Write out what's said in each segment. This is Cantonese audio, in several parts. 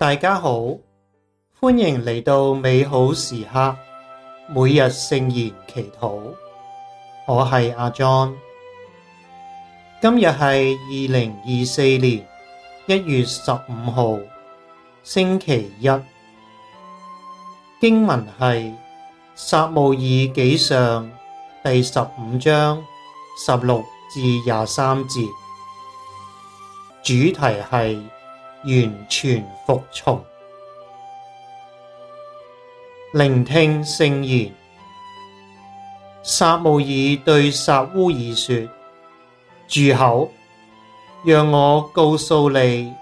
大家好，歡迎嚟到美好時刻，每日聖言祈禱。我係阿 John，今日係二零二四年一月十五號，星期一。經文係撒慕爾紀上第十五章十六至廿三節，主題係。完全服從，聆聽聖言。撒慕爾對撒烏爾說：住口！讓我告訴你，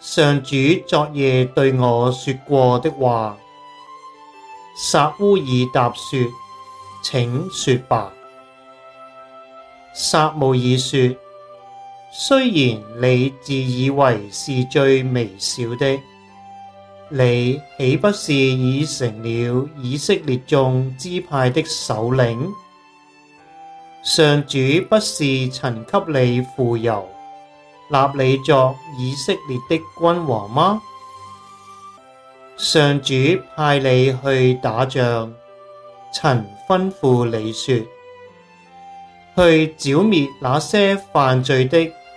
上主昨夜對我說過的話。撒烏爾答說：請說吧。撒慕爾說。雖然你自以為是最微小的，你豈不是已成了以色列眾支派的首領？上主不是曾給你傅油，立你作以色列的君王嗎？上主派你去打仗，曾吩咐你說：去剿滅那些犯罪的。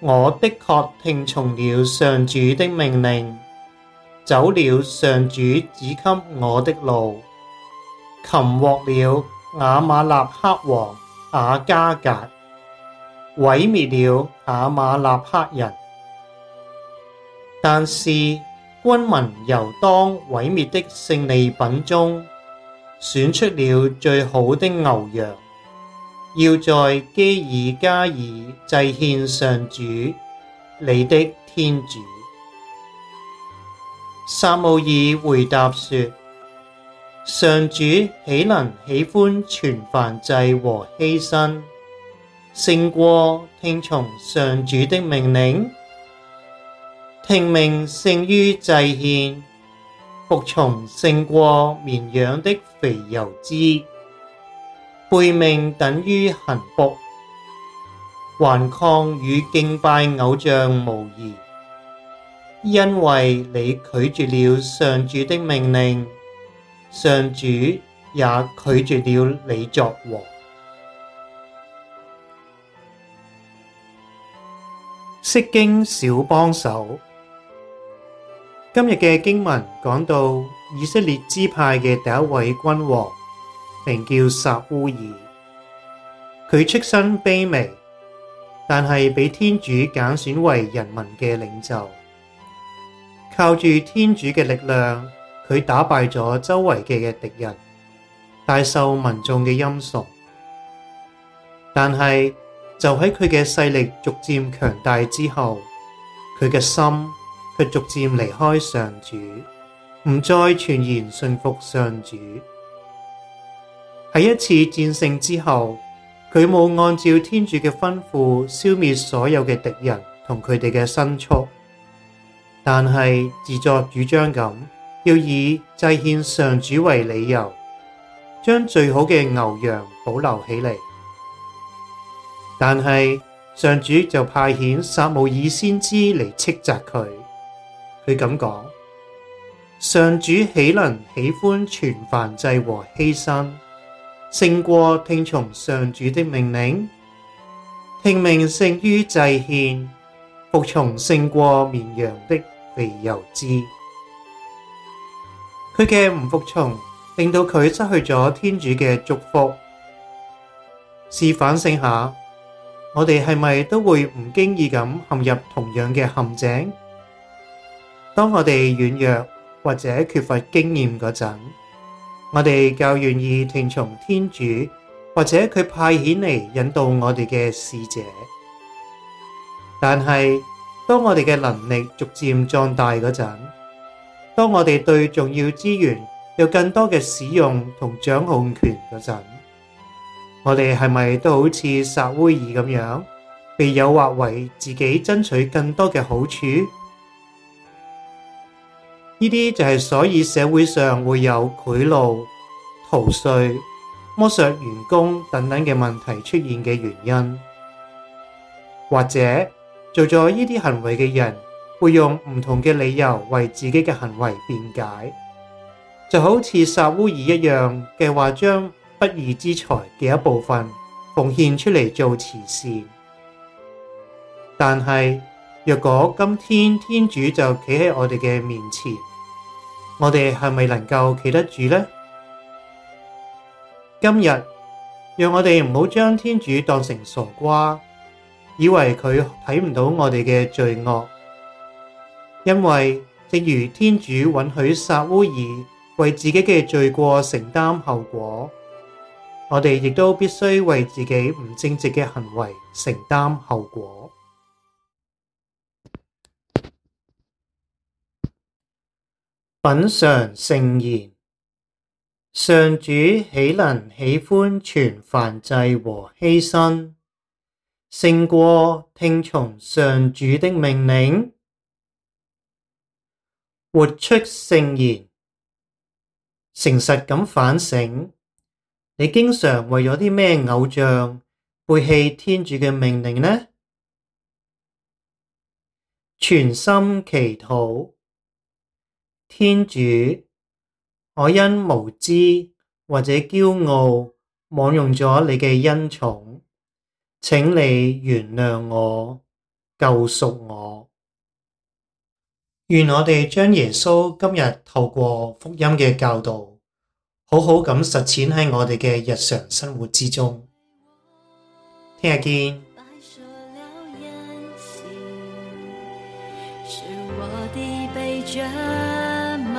我的確聽從了上主的命令，走了上主指給我的路，擒獲了阿瑪肋克王阿加格，毀滅了阿瑪肋克人。但是軍民由當毀滅的勝利品中，選出了最好的牛羊。要在基爾加爾祭獻上主，你的天主。撒慕爾回答說：上主豈能喜歡全燔祭和犧牲，勝過聽從上主的命令？聽命勝於祭獻，服從勝過綿羊的肥油脂。背命等於行卜，頑抗與敬拜偶像無異，因為你拒絕了上主的命令，上主也拒絕了你作王。釋經小幫手。今日的經文講到，以色列支派的第一位君王，名叫撒烏耳，佢出身卑微，但係俾天主揀選為人民嘅領袖。靠住天主嘅力量，佢打敗咗周圍嘅嘅敵人，大受民眾嘅欽崇。但係就喺佢嘅勢力逐漸強大之後，佢嘅心卻逐漸離開上主，唔再全然順服上主。喺一次戰勝之後，佢冇按照天主嘅吩咐消滅所有嘅敵人同佢哋嘅牲畜，但係自作主張咁要以祭獻上主為理由，將最好嘅牛羊保留起嚟。但係上主就派遣撒慕爾先知嚟斥責佢，佢咁講：上主豈能喜歡全燔祭和犧牲？勝過聽從上主的命令，聽命勝於祭獻，服從勝過綿羊的肥油脂。佢嘅唔服從令到佢失去咗天主嘅祝福。試反省下，我哋係咪都會唔經意咁陷入同樣嘅陷阱？當我哋軟弱或者缺乏經驗嗰陣，我哋較願意聽從天主，或者佢派遣嚟引導我哋嘅使者。但係當我哋嘅能力逐漸壯大嗰陣，當我哋對重要資源有更多嘅使用同掌控權嗰陣，我哋係咪都好似撒烏耳咁樣，被誘惑為自己爭取更多嘅好處？呢啲就係所以社會上會有賄賂、逃稅、剝削員工等等嘅問題出現嘅原因，或者做咗呢啲行為嘅人會用唔同嘅理由為自己嘅行為辯解，就好似撒烏耳一樣嘅話，將不義之財嘅一部分奉獻出嚟做慈善，但係若果今天天主就企喺我哋嘅面前。我哋係咪能夠企得住呢？今日讓我哋唔好將天主當成傻瓜，以為佢睇唔到我哋嘅罪惡。因為正如天主允許撒烏耳為自己嘅罪過承擔後果，我哋亦都必須為自己唔正直嘅行為承擔後果。品嚐聖言，上主豈能喜歡全燔祭和犧牲，勝過聽從上主的命令？活出聖言，誠實咁反省，你經常為咗啲咩偶像背棄天主嘅命令呢？全心祈禱。天主，我因無知或者驕傲，妄用咗你嘅恩寵，請你原諒我，救贖我。願我哋將耶穌今日透過福音嘅教導，好好咁實踐喺我哋嘅日常生活之中。聽日見。